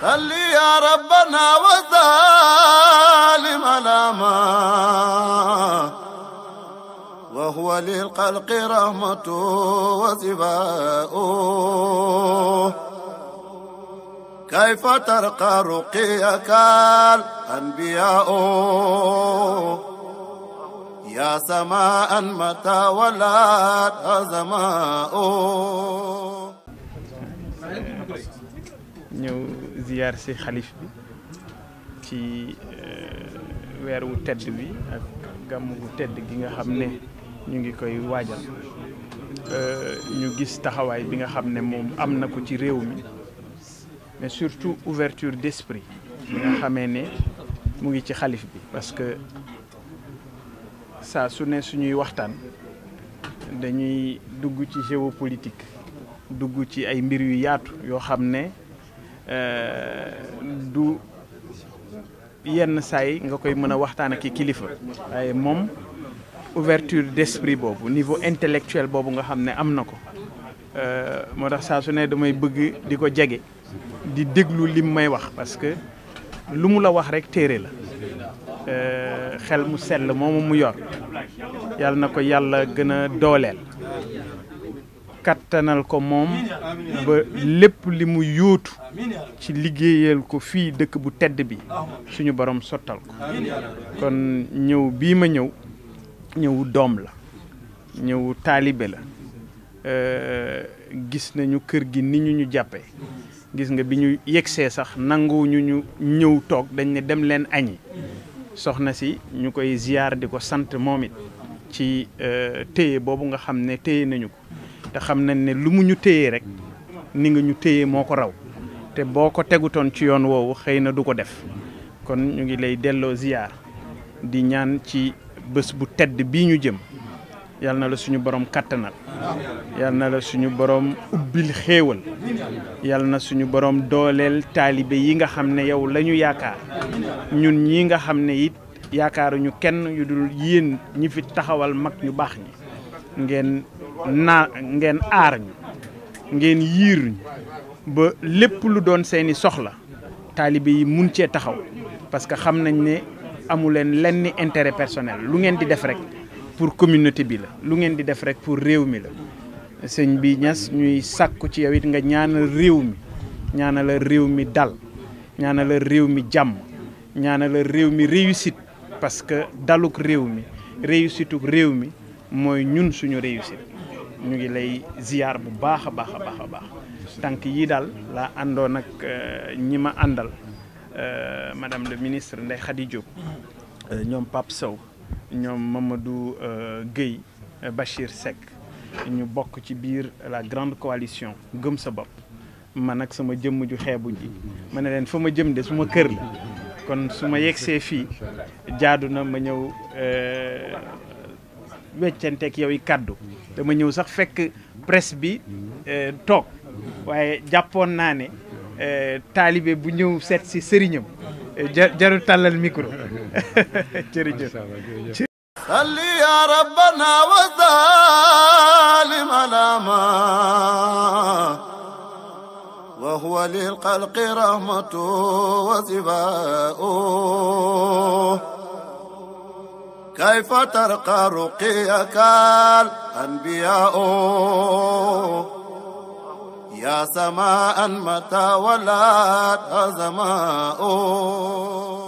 salli ya rabbana wa zalim alama wa huwa lil xalqi rahmatu wa sifaa كيف ترقى رقيك الأنبياء يا سماء متى ولات أزماء ñëw ziyaar si xalif bi ci euh, weer wu tedd bi ak gàmmu gu tedd gi nga xam ne ñu ngi koy waajal euh, ñu gis taxawaay bi nga xam ne moom am na ko ci réew mi mais surtout ouverture d'esprit bi nga xamee ne mu ngi ci xalif bi parce que saa su ne suñuy waxtaan dañuy dugg ci géopolitique dugg ci ay mbir yu yaatu yoo xam ne Euh, du yenn saay nga koy mën a waxtaan ak kilifa waaye moom ouverture d'esprit boobu niveau intellectuel boobu nga xam ne am na ko euh, moo tax saa su ne damay bëgg di ko jege di déglu lim may wax parce que lu mu la wax rek téere la euh, xel mu sell moomu mu yor yàlla na ko yàlla gën a dooleel kattanal ko moom ba lépp li mu yóotu ci liggéeyal ko fii dëkk bu tedd bi suñu borom sottal ko kon ñëw bii ma ñëw ñëwu doom la ñëwu taalibe la gis nañu kër gi ni ñu ñu jàppee gis nga bi ñu yegsee sax nangu ñu ñu ñëw toog dañ ne dem leen añi soxna si ñu koy ziyaar di ko sant moom it ci téye boobu nga xam ne téye nañu ko te xam nañ ne lu mu ñu téye rek ni nga ñu téye moo ko raw te boo ko tegutoon ci yoon woowu xëy na du ko def kon ñu ngi lay delloo ziyaar di ñaan ci bés bu tedd bi ñu jëm yal na la suñu borom kattanal yal na la suñu borom ubbil xéewal yal na suñu borom dooleel taalibe yi nga xam ne yow lañu yaakaar ñun ñi nga xam ne it yaakaaruñu kenn yu dul yéen ñi fi taxawal mag ñu baax ñi naa ngeen aar ñu ngeen yiir ñu ba lépp lu doon seeni soxla taalibe yi mun cee taxaw parce que xam nañ ne amu leen lenn intérêt personnel lu ngeen di def rek pour communauté bi la lu ngeen di def rek pour réew mi la sëñ bi ñas ñuy sàkku ci yow it nga ñaanal réew mi ñaanal réew mi dal ñaanal réew mi jàmm ñaanal réew mi réussite parce que daluk réew mi réussiteu réew mi mooy ñun suñu réussite ñu ngi lay ziyaar bu baax a baax a baax a baax yii daal laa àndoon ak euh, ñi ma àndal euh, madame de ministre Ndeye Khady Diop euh, ñoom Pape Sow ñoom Mamadou Guèye Bachir Seck ñu bokk ci biir la grande coalition gëm sa bopp man ak sama jëmm ju xeebu ji ma ne leen fa ma jëm de suma kër la kon su ma yegsee fii jaadu na ma ñëw weccanteeg yow yi kàddu dama ñëw sax fekk presse bi eh, waaye jàppoon naa ne eh, bu ñëw seet si sëriñam eh, jaru tàllal micro jërëjëf salli ya rabbana wa zalim alama wa huwa lil xalqi rahmatu wa sifaa كيف ترقى رقيك الأنبياء يا سماء متى ولات أزماء